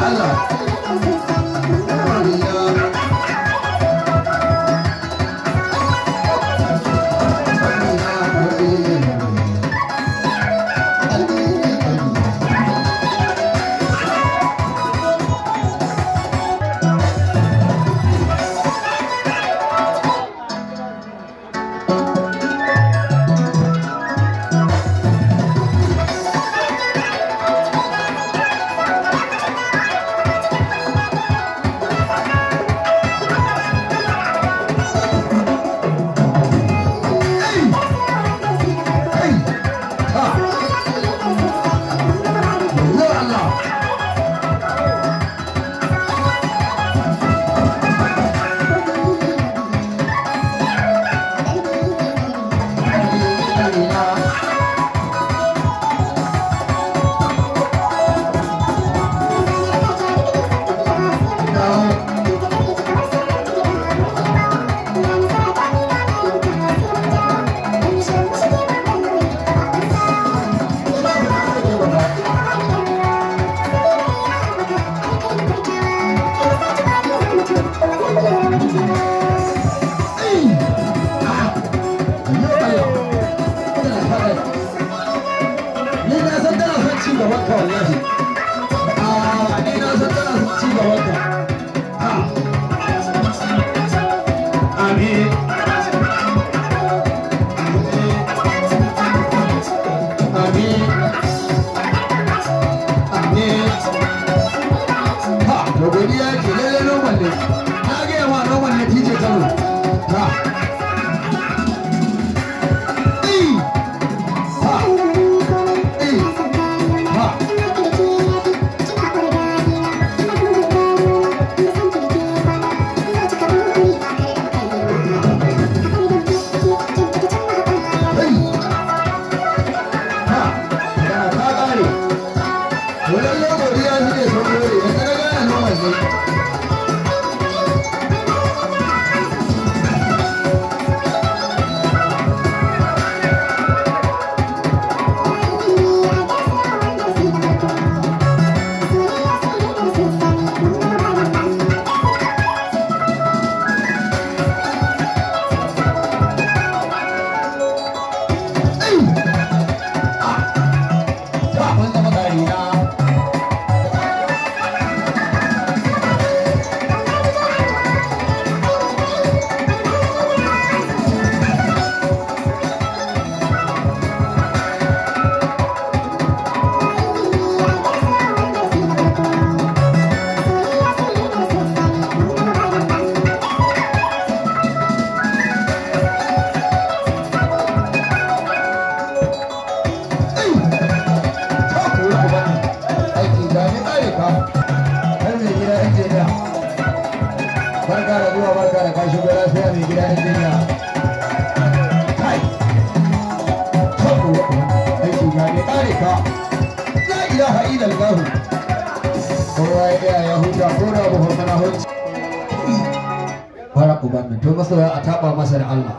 espalda. gabanka wallahi Thank you. barka kan mai gida injiniya barka da zuwa barka da kashi ko lafiya mai gida injiniya kai sabo aiki kowa ya ya huta ko da to masoya a taba masa da Allah